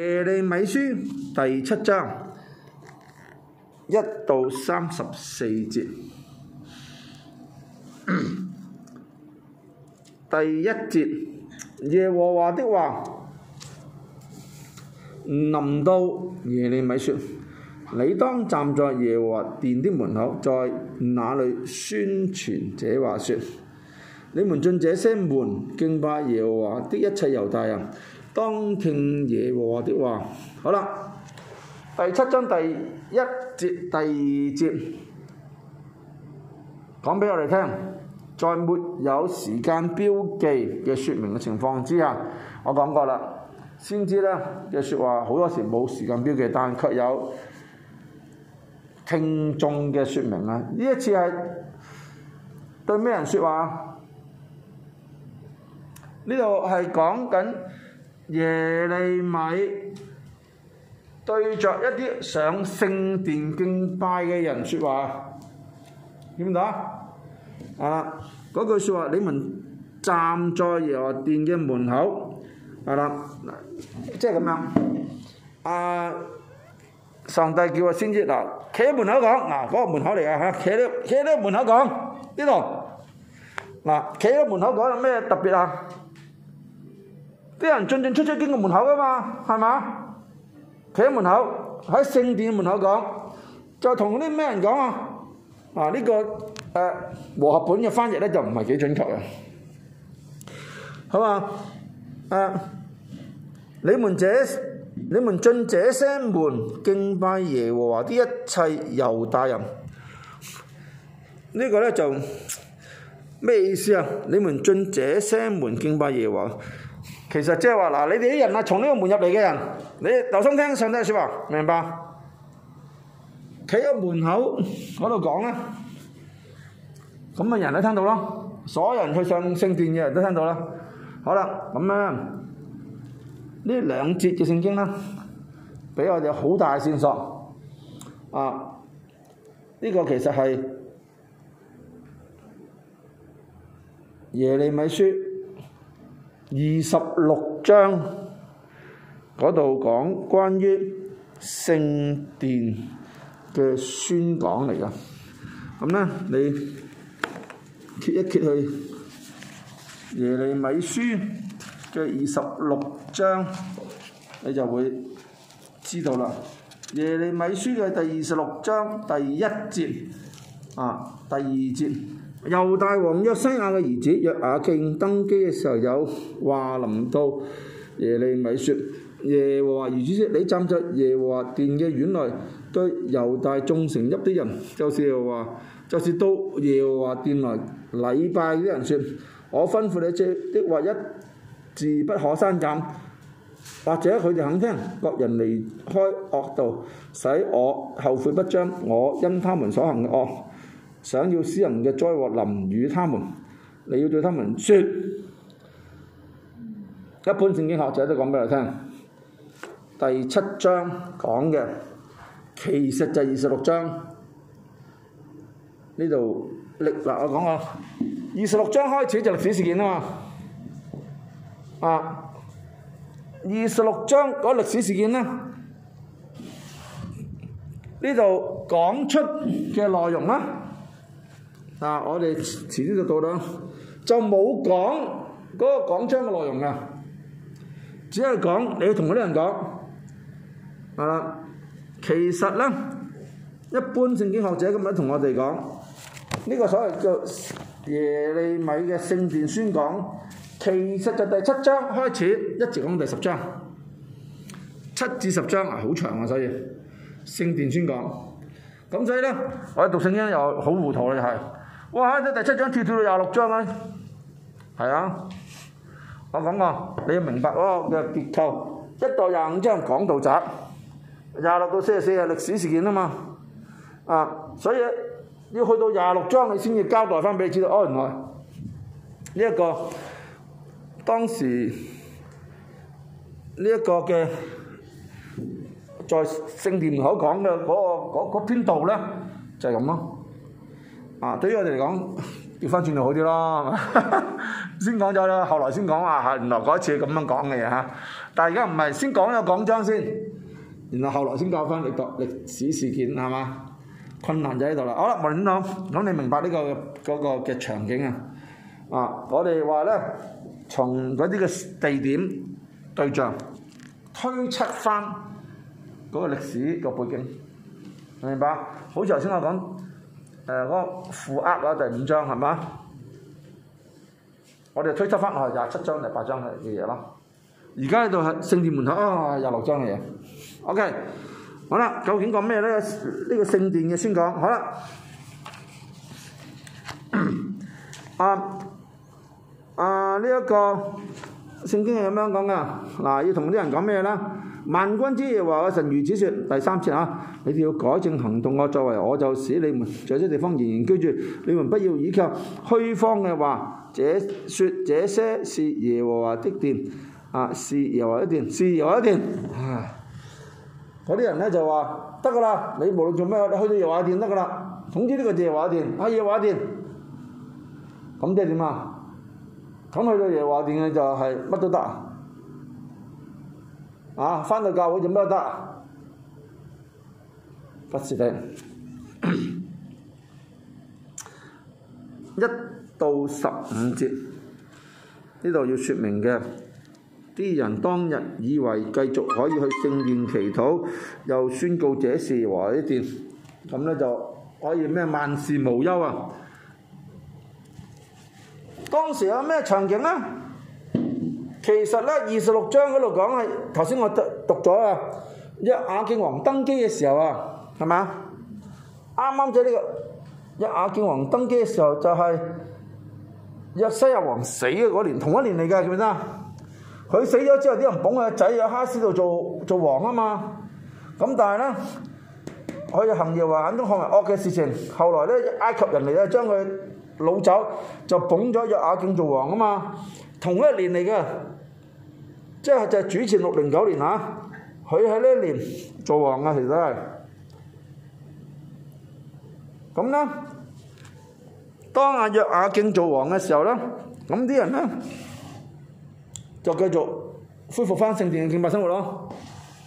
耶利米書第七章一到三十四節， 第一節，耶和華的話臨到耶利米說：你當站在耶和華殿的門口，在那裏宣傳這話說：你們進這些門敬拜耶和華的一切猶大人。當聽耶和的話，好啦，第七章第一節、第二節，講俾我哋聽，在沒有時間標記嘅説明嘅情況之下，我講過啦，先知咧嘅説話好多時冇時間標記，但卻有聽眾嘅説明啊！呢一次係對咩人説話？呢度係講緊。耶利米對着一啲上聖殿敬拜嘅人説話，去邊度啊？啊，嗰句説話，你們站在耶和華殿嘅門口，係、啊、啦，即係咁樣。啊，上帝叫我先知，嗱，企喺門口講，嗱、啊，嗰、那個門口嚟啊，嚇，企喺門口講呢度。嗱，企、啊、喺門口講有咩特別啊？啲人進進出出經過門口噶嘛，係嘛？企喺門口，喺聖殿門口講，就同啲咩人講啊？啊呢、呢個誒、啊、和合本嘅翻譯咧就唔係幾準確嘅，好嘛、啊？誒、啊，你們這你們進這些門敬拜耶和華啲一切猶大人，呢個、呢個咧就咩意思啊？你們進這些門敬拜耶和華。其實即係話嗱，你哋啲人啊，從呢個門入嚟嘅人，你留心聽上帝嘅説話，明白？企喺門口嗰度講啦，咁啊，人都聽到咯，所有人去上聖殿嘅人都聽到啦。好啦，咁咧呢兩節嘅聖經咧，俾我哋好大嘅線索。啊，呢個其實係耶利米書。二十六章嗰度講關於聖殿嘅宣講嚟㗎，噉呢你揭一揭去耶利米書嘅二十六章，你就會知道啦。耶利米書嘅第二十六章第一節啊，第二節。猶大王約西亞嘅兒子約雅敬登基嘅時候，有話臨到耶利米說：耶和華元主說，你站在耶和華殿嘅院內，對猶大眾城邑啲人，就是話，就是到耶和華殿來禮拜啲人說：我吩咐你，即啲話一字不可刪減，或者佢哋肯聽，各人離開惡道，使我後悔不將我因他們所行嘅惡。想要私人嘅災禍臨與，他們，你要對他們説。一般聖經學者都講俾你聽，第七章講嘅其實就係二十六章呢度歷嗱我講下，二十六章開始就係歷史事件啊嘛。啊，二十六章嗰歷史事件呢，講呢度講出嘅內容咧。啊！我哋遲啲就到啦，就冇講嗰個講章嘅內容噶，只係講你要同嗰啲人講啊。其實咧，一般聖經學者咁樣同我哋講呢個所謂叫耶利米嘅聖殿宣講，其實就第七章開始一直講到第十章，七至十章啊，好長啊，所以、啊、聖殿宣講。咁所以咧，我哋讀聖經又好糊塗咧，又係。哇！你第七章跳跳到廿六章啊，係啊，我講過，你要明白咯、哦、嘅結構，一到廿五章講道集，廿六到四十四係歷史事件啊嘛，啊，所以要去到廿六章你先至交代翻俾你知道，哦，原來，呢、這、一個當時呢一、這個嘅在聖殿口講嘅嗰、那個嗰嗰篇道咧，就係咁咯。啊！對於我哋嚟講，調翻轉就好啲咯。 先講咗，後來先講話，原來嗰一次咁樣講嘅嘢嚇。但係而家唔係先講咗講章先，然後後來先講翻歷個歷史事件係嘛？困難就喺度啦。好啦，無論點講，你明白呢、這個嗰、那個嘅、那個、場景啊。啊，我哋話咧，從嗰啲嘅地點、對象推出翻嗰個歷史嘅背景，明唔明白？好似頭先我講。誒嗰、呃嗰個負額嗰就第五章係嘛？我哋推測翻落廿七章就八章嘅嘢咯。而家呢度係聖殿門口啊，有、哦、廿六章嘅嘢。OK，好啦，究竟講咩咧？呢、呢個聖殿嘅先講。好啦，啊啊呢一個聖經係咁樣講㗎。嗱，要同啲人講咩咧？萬軍之耶和華神如此說：第三次啊，你哋要改正行動啊。作為我就使你們在這地方仍然居住。你們不要倚靠虛謊嘅話，這說這些是耶和華的殿啊，是耶和華的殿，是耶和華的，的殿。唉，嗰啲人咧就話得噶啦，你無論做咩，去到耶和華殿得噶啦。總之呢個是耶和華殿，啊，耶和華殿，咁即係點啊？咁去到耶和華殿嘅就係乜都得啊？啊！翻到教會就乜都得，不是 的。一到十五節，呢度要説明嘅，啲人當日以為繼續可以去聖殿祈禱，又宣告這事和呢段，咁呢就可以咩萬事無憂啊！當時有咩場景啊？其實呢，二十六章嗰度講係頭先我讀咗啊！約亞敬王登基嘅時候啊，係咪啱啱即呢個約亞敬王登基嘅時候，剛剛這個、時候就係、是、約西亞王死嘅嗰年，同一年嚟嘅，記唔記得？佢死咗之後，啲人捧佢個仔喺哈斯度做做，做王啊嘛。咁但係呢，佢行耶和華眼中看為惡嘅事情，後來，咧埃及人嚟咧將佢擄走，就捧咗約亞敬做王啊嘛。同一年嚟嘅。即係就係主前六零九年啊，佢喺呢一年做王嘅，其實係。咁咧，當阿約雅敬做王嘅時候咧，咁啲人咧就繼續恢復返聖殿嘅敬拜生活咯。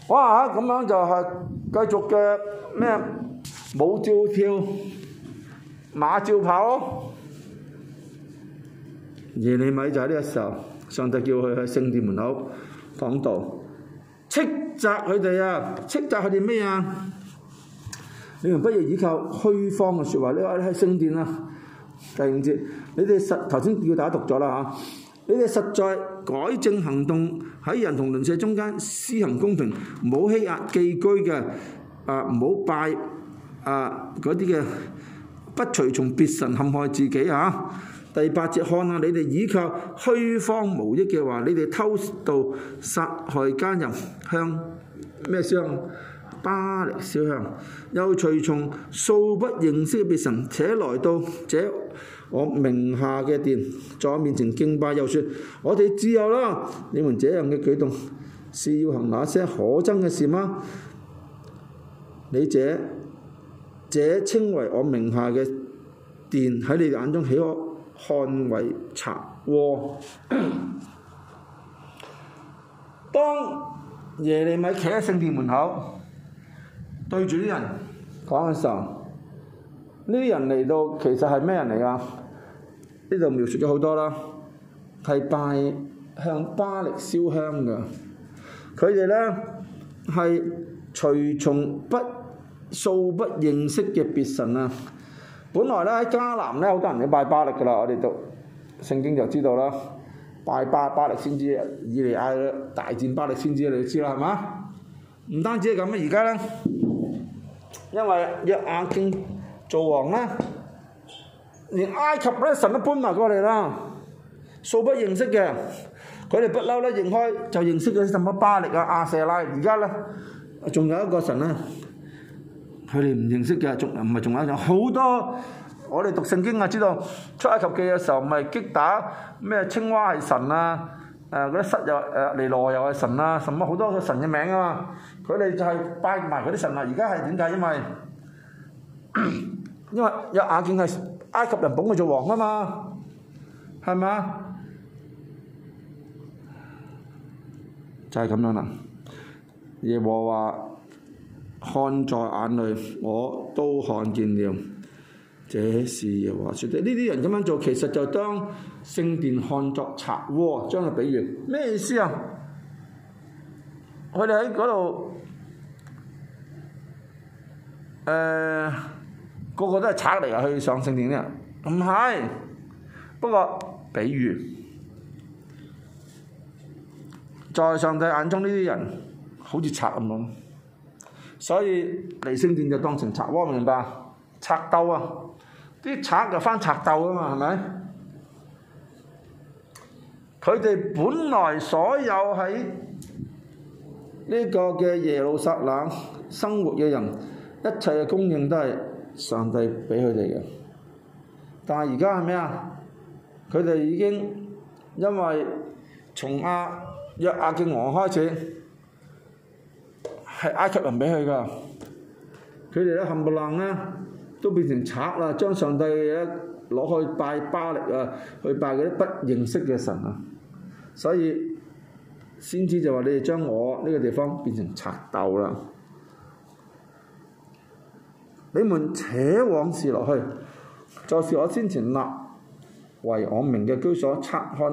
哇嚇，咁樣就係繼續嘅咩舞照跳，馬照跑。耶利米就喺呢個時候，上帝叫佢去聖殿門口。講道，斥責佢哋啊！斥責佢哋咩啊？你唔不如依靠虛方嘅説話，你話你係聖殿啊，第五節，你哋實頭先叫大家讀咗啦嚇，你哋實在改正行動喺人同鄰舍中間施行公平，唔好欺壓寄居嘅啊，唔好、呃、拜啊嗰啲嘅不隨從別神陷害自己嚇、啊。第八節，看下你哋倚靠虛荒無益嘅話，你哋偷盜殺害奸淫。向咩商巴力燒香，又隨從素不認識嘅別神，且來到這我名下嘅殿，在我面前敬拜，又説：我哋自由啦！你們這樣嘅舉動，是要行那些可憎嘅事嗎？你這這稱為我名下嘅殿喺你哋眼中起屋？捍衛賊窩。 當耶利米企喺聖殿門口對住啲人講嘅時候，呢啲人嚟到其實係咩人嚟㗎？呢度描述咗好多啦，係拜向巴力燒香嘅。佢哋咧係隨從不素不認識嘅別神啊！本來咧喺迦南咧，好多人都拜巴力噶啦，我哋讀聖經就知道啦。拜巴巴力先知，以利亞大戰巴力先知，你知啦，係嘛？唔單止係咁啊，而家咧，因為約雅敬做王咧，連埃及咧神都搬埋過嚟啦，素不認識嘅，佢哋不嬲咧認開就認識咗什麼巴力啊、亞舍拉，而家咧仲有一個神咧。佢哋唔認識嘅，仲唔係仲有一種好多？我哋讀聖經啊，知道出埃及記嘅時候，唔係擊打咩青蛙係神啊？誒嗰啲塞又誒尼羅又係神啊？什麼好多個神嘅名啊嘛？佢哋就係拜埋嗰啲神啊！而家係點解？因為因為有亞見係埃及人捧佢做王啊嘛，係咪啊？就係咁樣啦，耶和華。看在眼裏，我都看見了。這是話説的，呢啲人咁樣做，其實就是當聖殿看作賊窩，將佢比喻咩意思啊？我哋喺嗰度，誒、呃、個個都係賊嚟啊！去上聖殿啲人，唔係，不過比喻，在上帝眼中呢啲人好似賊咁樣。所以呢聖殿就當成賊窩，明白嗎？賊鬥啊！啲賊就翻賊鬥啊嘛，係咪？佢哋本來所有喺呢個嘅耶路撒冷生活嘅人，一切嘅供應都係上帝畀佢哋嘅。但係而家係咩啊？佢哋已經因為從亞約阿敬王開始。係埃及人俾佢㗎，佢哋咧冚唪唥咧都變成賊啦，將上帝嘅嘢攞去拜巴力啊，去拜嗰啲不認識嘅神啊，所以先至就話：你哋將我呢個地方變成賊竇啦！你們且往示羅去，就是我先前立為我名嘅居所。察看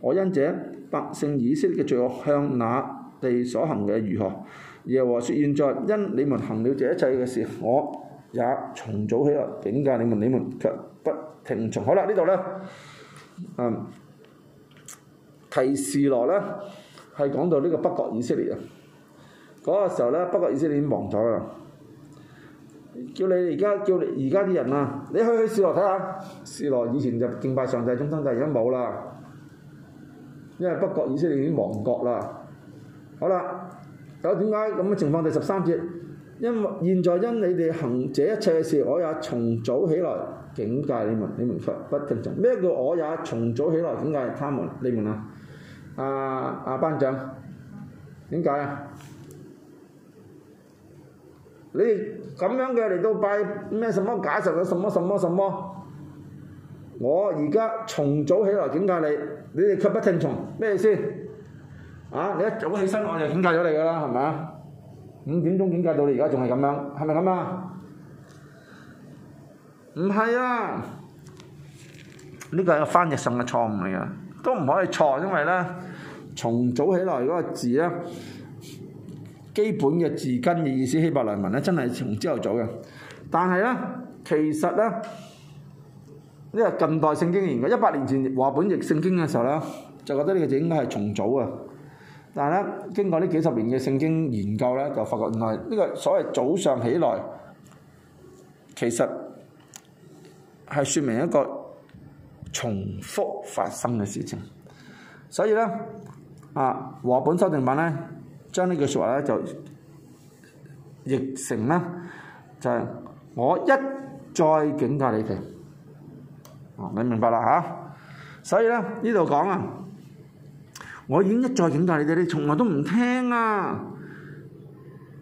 我因這百姓以色列嘅罪惡，向那地所行嘅如何？耶和華說：現在因你們行了這一切嘅事，我也從早起來警戒你們。你們卻不聽從。好啦，呢度呢、嗯、提示羅呢，係講到呢個北國以色列啊。嗰、那個時候呢，北國以色列已經亡咗啦。叫你而家叫你而家啲人啊，你去去示羅睇下。示羅以前就敬拜上帝、中心，而家冇啦。因為北國以色列已經亡國啦。好啦。嗱，點解咁嘅情況？第十三節，因為現在因你哋行這一切嘅事，我也從早起來警戒你們。你們卻不聽從。咩叫我也從早起來警戒他們？你們啊，阿、啊、阿班長，點解啊？你哋咁樣嘅嚟到拜咩什麼？你什麼什麼解説咗什麼什麼什麼？我而家從早起來警戒你，你哋卻不聽從咩意思？啊！你一早起身， 我就警戒咗你噶啦，係咪啊？五點鐘警戒到你，而家仲係咁樣，係咪咁啊？唔係啊！呢個係個翻譯性嘅錯誤嚟啊，都唔可以錯，因為咧重組起來嗰個字咧，基本嘅字根嘅意思希伯來文咧，真係從朝頭早嘅。但係咧，其實咧，因為近代聖經研究一百年前華本譯聖經嘅時候咧，就覺得呢個字應該係重組啊。但係咧，經過呢幾十年嘅聖經研究咧，就發覺原來呢個所謂早上起來，其實係説明一個重複發生嘅事情。所以咧，啊和合本修訂版咧，將呢句説話咧就譯成咧，就係我一再警告你哋，哦，你明白啦嚇。所以咧呢度講啊。我已經一再警告你哋，你從來都唔聽啊！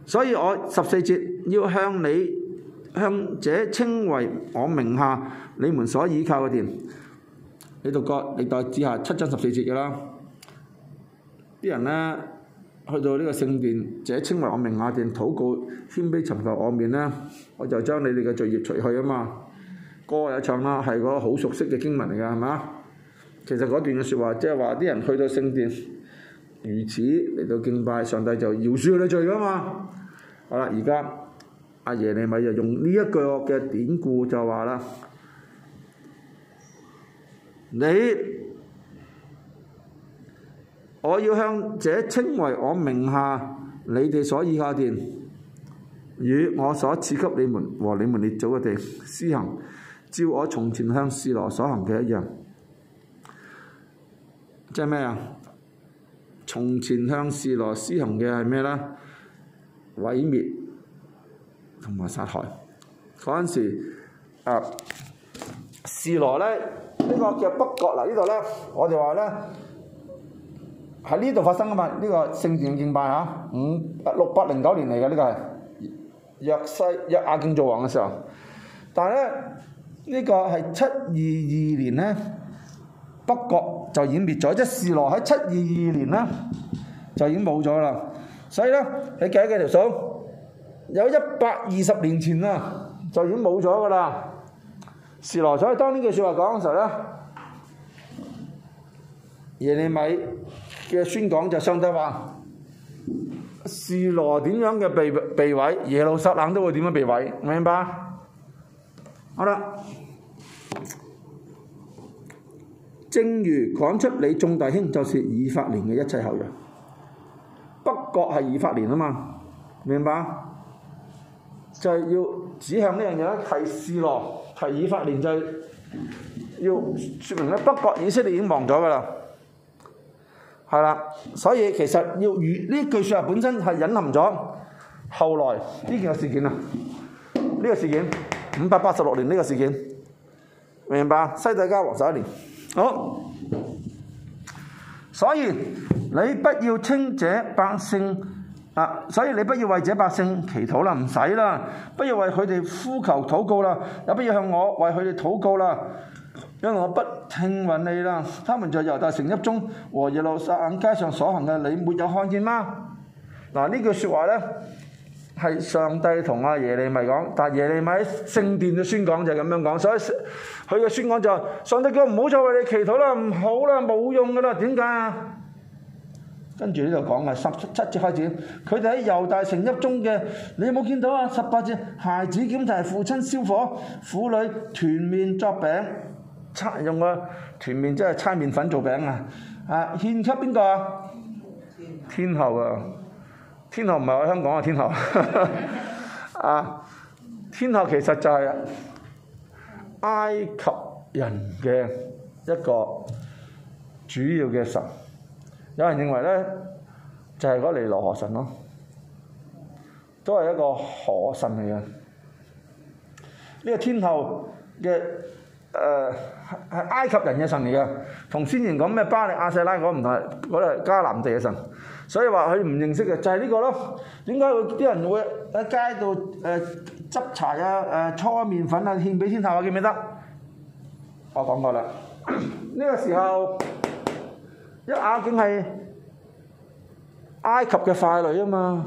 所以我十四節要向你，向者稱為我名下你們所倚靠嘅殿，你讀過，你讀歷代志下七章十四節嘅啦。啲人呢去到呢個聖殿，者稱為我名下殿，禱告、謙卑尋求我面呢，我就將你哋嘅罪孽除去啊嘛。歌有唱啦，係個好熟悉嘅經文嚟㗎，係咪？其實嗰段嘅説話，即係話啲人去到聖殿，如此嚟到敬拜上帝就饒恕佢哋罪噶嘛。好啦，而家阿耶利米就用呢一句嘅典故就話啦，你，我要向這稱為我名下你哋所倚靠殿與我所賜給你們和你們列祖嘅地施行，照我從前向示羅所行嘅一樣。即係咩啊？從前向示羅所行嘅係咩呢？毀滅同埋殺害嗰陣時啊！示羅呢，呢個叫北國嗱，呢、啊、度呢，我哋話呢，喺呢度發生噶嘛？呢、這個聖殿見拜啊。五六百零九年嚟嘅呢個係約西約亞敬做王嘅時候，但係呢，呢、這個係七二二年呢，北國。就掩滅咗，即係示羅喺七二二年啦，就已經冇咗啦。所以咧，你計一計條數，有一百二十年前啦、啊，就已經冇咗噶啦。示羅所以當呢句説話講嘅時候咧，耶利米嘅宣講就相當話，示羅點樣嘅被被毀，耶路撒冷都會點樣被毀，明白？好啦。正如講出你眾弟兄，就是以法蓮嘅一切後裔。北國係以法蓮啊嘛，明白？就係、是、要指向呢樣嘢，提示咯，係以法蓮就是、要説明咧，北國以色列已經亡咗㗎啦。係啦，所以其實要與呢句説話本身係隱含咗後來呢件事件啊，呢、這個事件五百八十六年呢個事件，明白？西底家王十一年。好，所以你不要稱這百姓啊，所以你不要為這百姓祈禱啦，唔使啦，不要為佢哋呼求禱告啦，也不要向我為佢哋禱告啦，因為我不聽允你啦。他們在猶大城邑中和耶路撒冷街上所行嘅，你沒有看見嗎？嗱、啊，句呢句説話咧。係上帝同阿耶利米講，但係耶利米喺聖殿嘅宣講就係咁樣講，所以佢嘅宣講就是、上帝叫唔好再為你祈禱啦，唔好啦，冇用噶啦，點解啊？跟住呢度講啊，十七節開始，佢哋喺猶大城邑中嘅，你有冇見到啊？十八節孩子撿柴，父親燒火，婦女團麵作餅，搓用個、啊、團麵即係搓麵粉做餅啊！啊，獻給邊個？天后，天后啊！天后唔係我香港嘅天后、 啊，天后其實就係埃及人嘅一個主要嘅神，有人認為呢就係嗰個尼羅河神咯、啊，都係一個河神嚟嘅。呢、這個天后嘅係、呃、埃及人嘅神嚟嘅，同先前講咩巴力亞塞拉嗰、那個唔同，嗰、那個迦南地嘅神。所以話佢唔認識嘅就係、是、呢個咯。點解會啲人會喺街度誒、呃、執柴啊、呃、搓麵粉啊獻俾天后啊，記唔記得？我講過啦。呢 個時候一亞敬係埃及嘅傀儡啊嘛，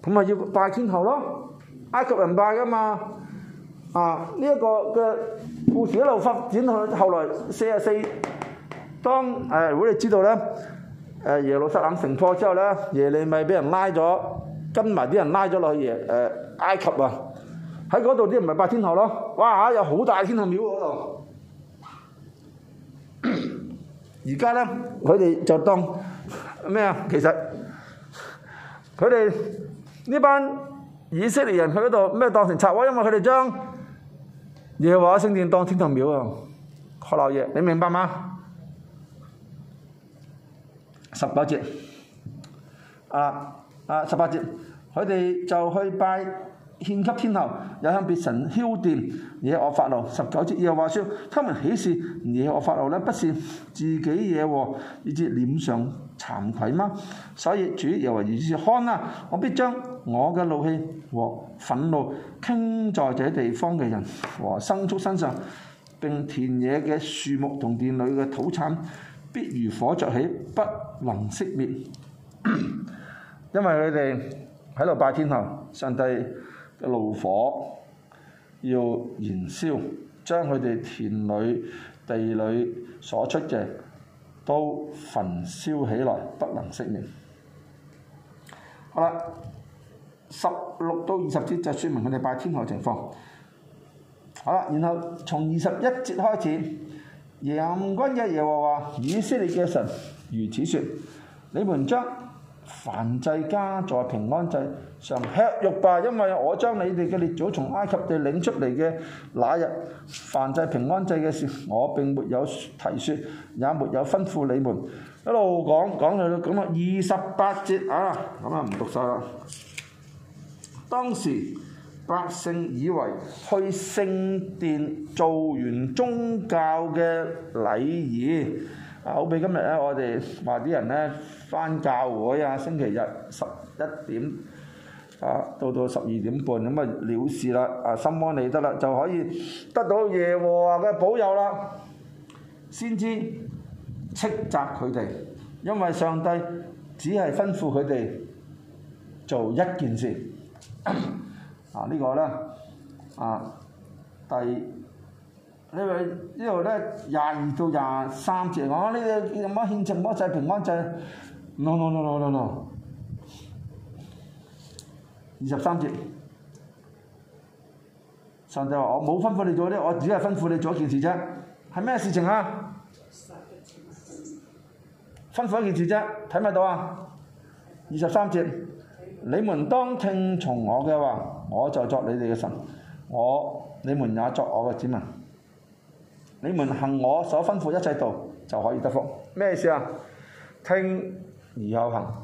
咁咪要拜天后咯？埃及人拜噶嘛啊！呢、這、一個故事一路發展去，後來四十四當、呃、如果你知道呢。誒耶路撒冷城破之後呢，耶利米俾人拉咗，跟埋啲人拉咗落去誒、呃、埃及喎、啊。喺嗰度啲人咪拜天堂咯，哇有好大天堂廟嗰、啊、度。而家咧，佢哋就當咩啊？其實佢哋呢班以色列人去嗰度咩當成拆毀，因為佢哋將耶和華聖殿當天堂廟啊，學鬧嘢，你明白嗎？十九節，啊啊十八節，佢哋就去拜獻給天后，又向別神澆奠惹我發怒。十九節又話說，他們豈是惹我發怒呢？不是自己惹禍，以致臉上慚愧嗎？所以主又話：如是看啊，我必將我嘅怒氣和憤怒傾在這地方嘅人和牲畜身上，並田野嘅樹木同地裏嘅土產。必如火著起，不能熄滅，因為佢哋喺度拜天后，上帝嘅怒火要燃燒，將佢哋田裏地裏所出嘅都焚燒起來，不能熄滅。好啦，十六到二十節就説明佢哋拜天后嘅情況。好啦，然後從二十一節開始。萬軍嘅耶和華，以色列嘅神如此説：你們將凡祭加在平安祭上吃肉吧，因為我將你哋嘅列祖從埃及地領出嚟嘅那日，凡祭平安祭嘅事，我並沒有提説，也沒有吩咐你們。一路講講到咁啊，二十八節啊，咁啊唔讀晒啦。當時百姓以為去聖殿做完宗教嘅禮儀，啊，好比今日咧，我哋話啲人咧返教會啊，星期日十一點啊，到到十二點半咁啊了事啦，啊心安理得啦，就可以得到耶和華嘅保佑啦。先知斥責佢哋，因為上帝只係吩咐佢哋做一件事。 啊！這個、呢個咧，啊，第呢、這個這個呢度咧，廿二到廿三節講呢個乜燔祭乜平安祭，no no no no no no，二十三節，上帝話：我冇吩咐你做啲，我只係吩咐你做一件事啫。係咩事情啊？吩咐一件事啫，睇唔睇到啊？二十三節，你們當聽從我嘅話。我就作你哋嘅神，我你們也作我嘅子民。你們行我所吩咐一切道，就可以得福。咩意思啊？聽而後行。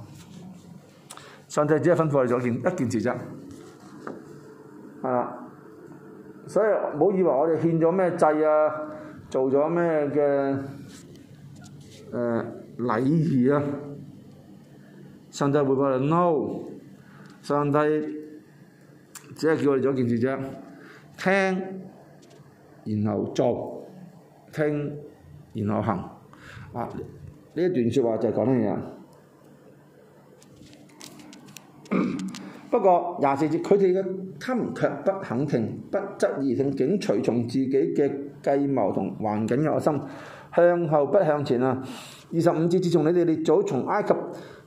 上帝只係吩咐咗件一件事啫。係啦，所以唔好以為我哋獻咗咩祭啊，做咗咩嘅誒禮儀啊，上帝會話你 no。上帝。只係叫我哋做一件事啫，聽，然後做，聽，然後行。啊，呢一段説話就係講呢樣嘢。不過廿四節，佢哋嘅他們卻不肯聽，不側耳而聽，竟隨從自己嘅計謀同環境惡心，向後不向前啊！二十五節，自從你哋列祖從埃及。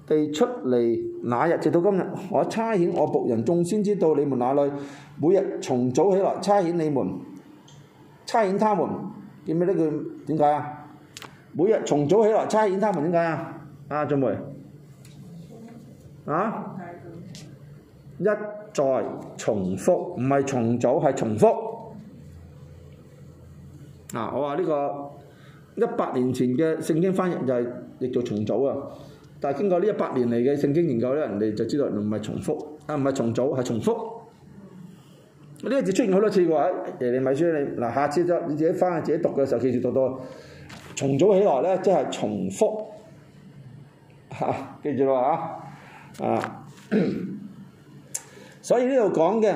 地出嚟那日直到今日，我差遣我僕人眾先知到你們那裏。每日從早起來差遣你們，差遣他們，叫咩咧？佢點解啊？每日從早起來差遣他們，點解啊？啊，俊梅，啊，一再重複，唔係重組，係重複。啊，我話呢、這個一百年前嘅聖經翻譯就係、是、亦做重組啊！但係經過呢一百年嚟嘅聖經研究咧，人哋就知道唔係重，重，重，重，重複，啊唔係重組，係重複。呢個字出現好多次嘅喎，耶利米書你嗱下次都你自己翻去自己讀嘅時候記住讀讀重組起來咧，即係重複嚇，記住啦嚇啊！所以呢度講嘅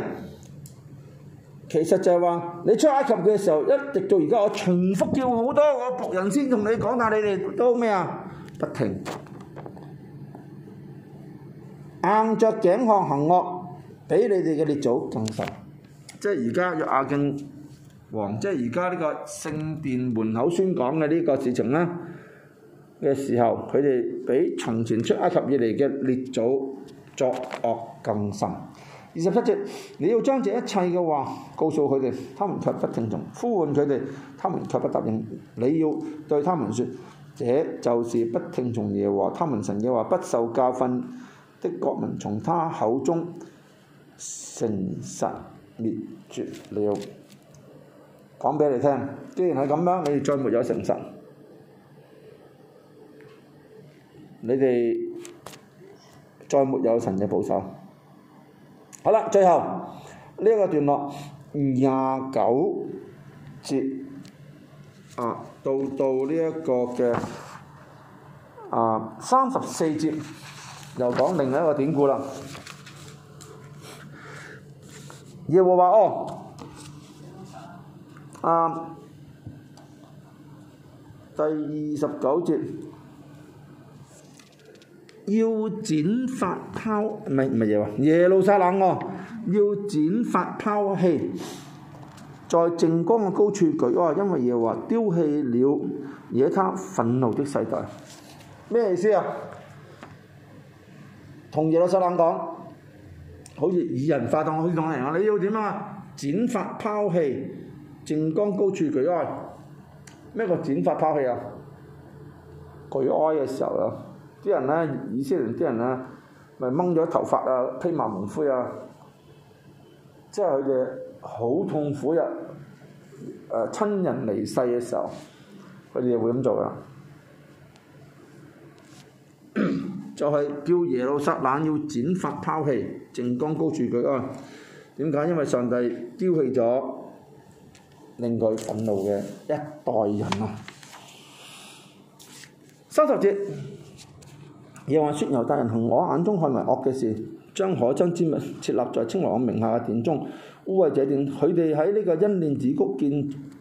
其實就係話你出埃及嘅時候，一直到而家我重複叫好多我僕人先同你講，但係你哋都咩啊？不聽。硬着頸項行惡，比你哋嘅列祖更甚。即係而家約阿敬王，即係而家呢個聖殿門口宣講嘅呢個事情咧嘅時候，佢哋比從前出埃及以嚟嘅列祖作惡更甚。二十七節，你要將這一切嘅話告訴佢哋，他們卻不聽從；呼喚佢哋，他們卻不答應。你要對他們說：這就是不聽從耶和華他們神嘅話，不受教訓。的國民從他口中誠實滅絕了，講俾你聽，既然係咁樣，你哋再沒有誠實，你哋再沒有神嘅保守。好啦，最後呢一、呢個段落廿九節啊到到呢一個嘅啊三十四節。又講另一個典故啦。耶和華哦，啊，第二十九節要剪發拋，唔係唔係耶和耶路撒冷哦，要剪發拋棄，在淨光嘅高處舉哦，因為耶和華丟棄了惹他憤怒的世代。咩意思啊？紅葉老修林好似以人發動去講人啊！你要點啊？剪髮拋棄，淨光高處舉哀。咩叫剪髮拋棄啊？舉哀嘅時候咯，啲人呢，以色列啲人呢，咪掹咗頭髮啊，披麻蒙灰啊，即係佢哋好痛苦啊！誒、呃，親人離世嘅時候，佢哋會咁做噶、啊。就係叫耶路撒冷要剪髮拋棄，淨光高處舉哀啊！點解？因為上帝丟棄咗令佢憤怒嘅一代人啊！三十節，耶和華說：猶大人從我眼中看為惡嘅事，將可憎之物設立在稱我名下嘅殿中，污穢這殿。佢哋喺呢個欣嫩子谷建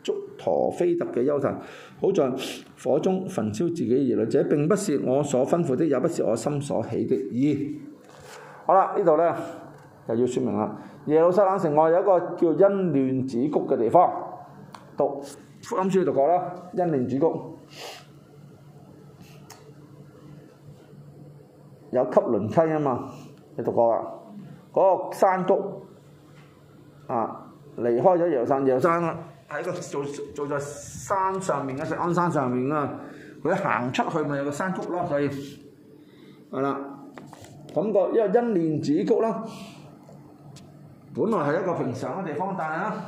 築陀斐特嘅邱壇，好像，火中焚燒自己而來，這並不是我所吩咐的，也不是我心所起的意。二，好啦，呢度呢，又要説明啦。耶路撒冷城外有一個叫欣嫩子谷嘅地方，讀啱先你讀過啦，欣嫩子谷有吸輪梯啊嘛，你讀過啊？嗰、那個山谷啊，離開咗陽山，陽山,山、啊喺個做做在山上面嘅錫安山上面啊，佢行出去咪有個山谷咯，所以係啦，感覺因為欣嫩子谷啦，本來係一個平常嘅地方，但係咧，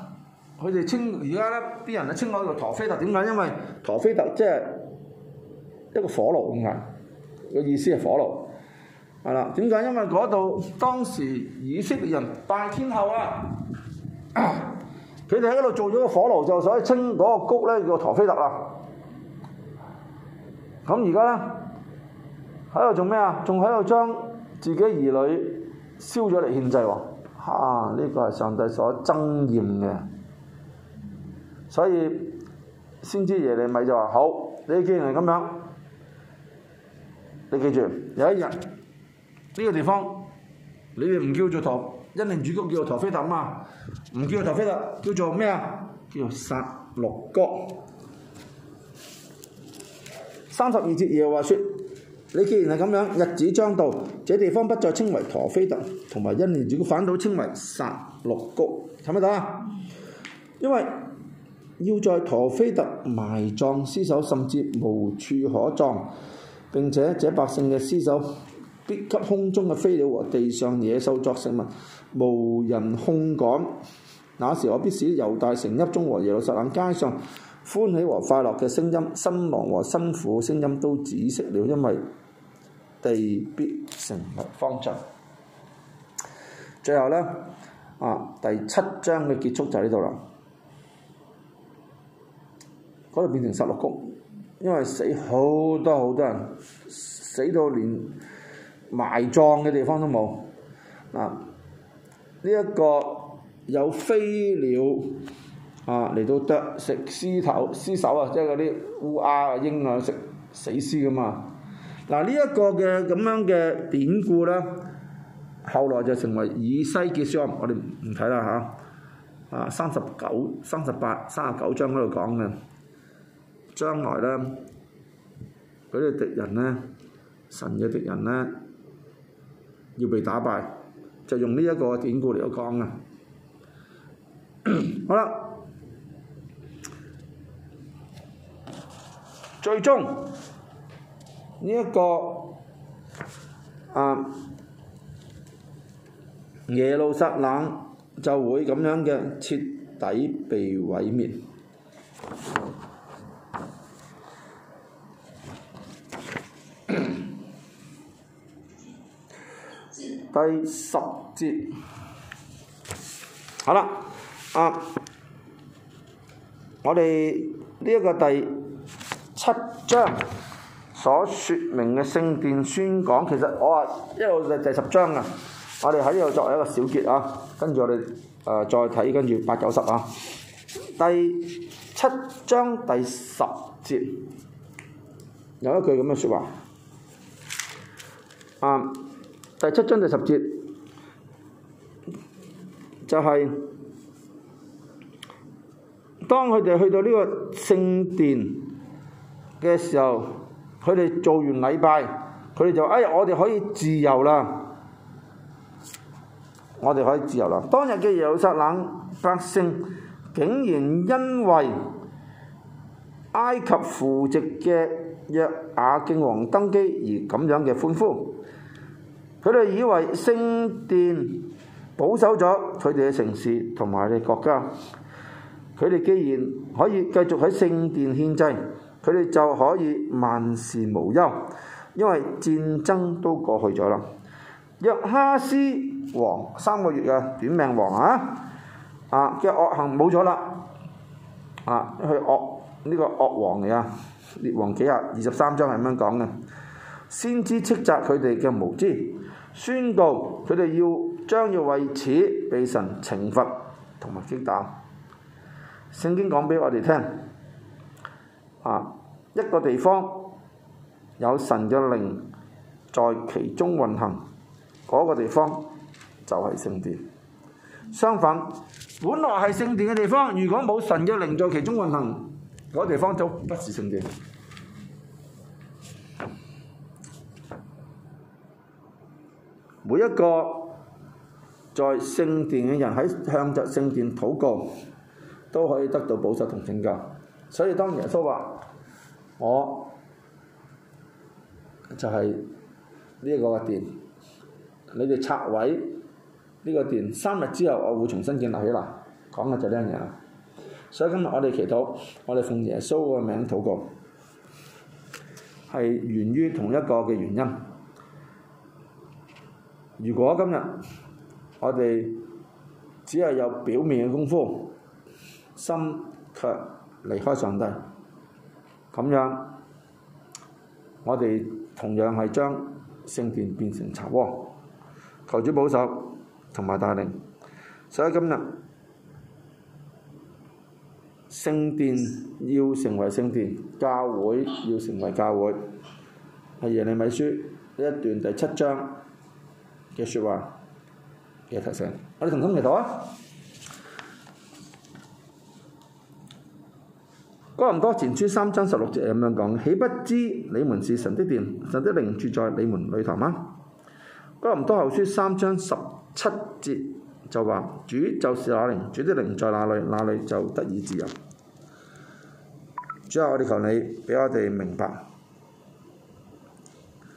佢哋稱而家咧啲人咧稱我做陀斐特，點解？因為陀斐特即係一個火爐咁解，個意思係火爐係啦。點解？因為嗰度當時以色列人拜天后啊。啊。佢哋喺嗰度做咗個火爐就所以稱嗰個谷咧叫做陀飛特啦。咁而家咧喺度做咩啊？仲喺度將自己兒女燒咗嚟獻祭喎！嚇、啊，呢個係上帝所憎厭嘅，所以先知耶利米就話：好，你既然咁樣，你記住，有一日呢個地方你哋唔叫做陀。欣嫩子谷叫做陀斐特啊嘛，唔叫做陀斐特，叫做咩啊？叫做殺戮谷。三十二節又話說：你既然係咁樣，日子將到，這地方不再稱為陀斐特，同埋欣嫩子谷反倒稱為殺戮谷，係咪得啊？因為要在陀斐特埋葬屍首，甚至無處可葬。並且這百姓嘅屍首必給空中嘅飛鳥和地上野獸作食物。無人控管，那時我必使猶大城邑中和耶路撒冷街上歡喜和快樂嘅聲音、新郎和新婦嘅聲音都止息了，因為地必成為荒場。 最後呢，啊，第七章嘅結束就係呢度啦。嗰度變成十六谷，因為死好多好多人，死到連埋葬嘅地方都冇，啊！呢一個有飛鳥啊嚟到啄食屍頭屍首啊，即係嗰啲烏鴉啊、鷹啊食死屍咁啊。嗱呢一個嘅咁樣嘅典故咧，後來就成為以西結書，我哋唔睇啦嚇。啊，三十九、三十八、三十九章嗰度講嘅，將來咧，嗰啲敵人咧，神嘅敵人咧，要被打敗。就用呢一個典故嚟到講啊，好啦，最終，呢一個，啊，耶路撒冷就會咁樣嘅徹底被毀滅。第十節，好啦，啊，我哋呢一個第七章所說明嘅聖殿宣講，其實我話一路就第十章啊。我哋喺呢度作為一個小結啊，跟住我哋誒、呃、再睇，跟住八九十啊。第七章第十節有一句咁樣說話，啊。第七章第十節，就係、是、當佢哋去到呢個聖殿嘅時候，佢哋做完禮拜，佢哋就，哎，我哋可以自由啦！我哋可以自由啦！當日嘅耶路撒冷百姓，竟然因為埃及扶植嘅約亞敬王登基而咁樣嘅歡呼。佢哋以為聖殿保守咗佢哋嘅城市同埋佢哋國家，佢哋既然可以繼續喺聖殿獻祭，佢哋就可以萬事無憂，因為戰爭都過去咗啦。約哈斯王三個月嘅短命王啊，啊嘅惡行冇咗啦，啊去惡呢個惡王嚟啊，列王紀呀，二十三章係咁樣講嘅，先知斥責佢哋嘅無知。宣告佢哋要將要為此被神懲罰同埋擊打。聖經講畀我哋聽，啊，一個地方有神嘅靈在其中運行，嗰、那個地方就係聖殿。相反，本來係聖殿嘅地方，如果冇神嘅靈在其中運行，嗰、那個，地方就不是聖殿。每一個在聖殿嘅人喺向着聖殿禱告，都可以得到保守同拯救。所以當耶穌話，我就係呢個嘅殿，你哋拆毀呢個殿，三日之後我會重新建立起嚟。講嘅就呢樣嘢喇！所以今日我哋祈禱，我哋奉耶穌個名禱告，係源於同一個嘅原因。如果今日我哋只係有表面嘅功夫，心卻離開上帝，咁樣我哋同樣係將聖殿變成賊窩。求主保守同埋帶領。所以今日聖殿要成為聖殿，教會要成為教會，係耶利米書一段第七章嘅説話嘅提醒，我哋同心嚟讀啊！哥林多前書三章十六節咁樣講，豈不知你們是神的殿，神的靈住在你們裏頭嗎？哥林多後書三章十七節就話：主就是那靈，主的靈在那裡，那裡就得以自由。最後，我哋求你俾我哋明白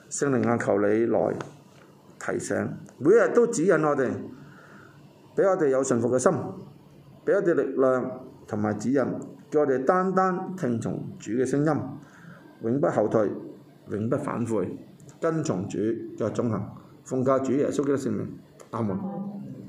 聖靈啊！求你來。提醒，每日都指引我哋，俾我哋有信服嘅心，俾我哋力量同埋指引，叫我哋單單聽從主嘅聲音，永不後退，永不反悔，跟從主嘅忠行，奉靠主耶穌基督嘅聖名，阿門。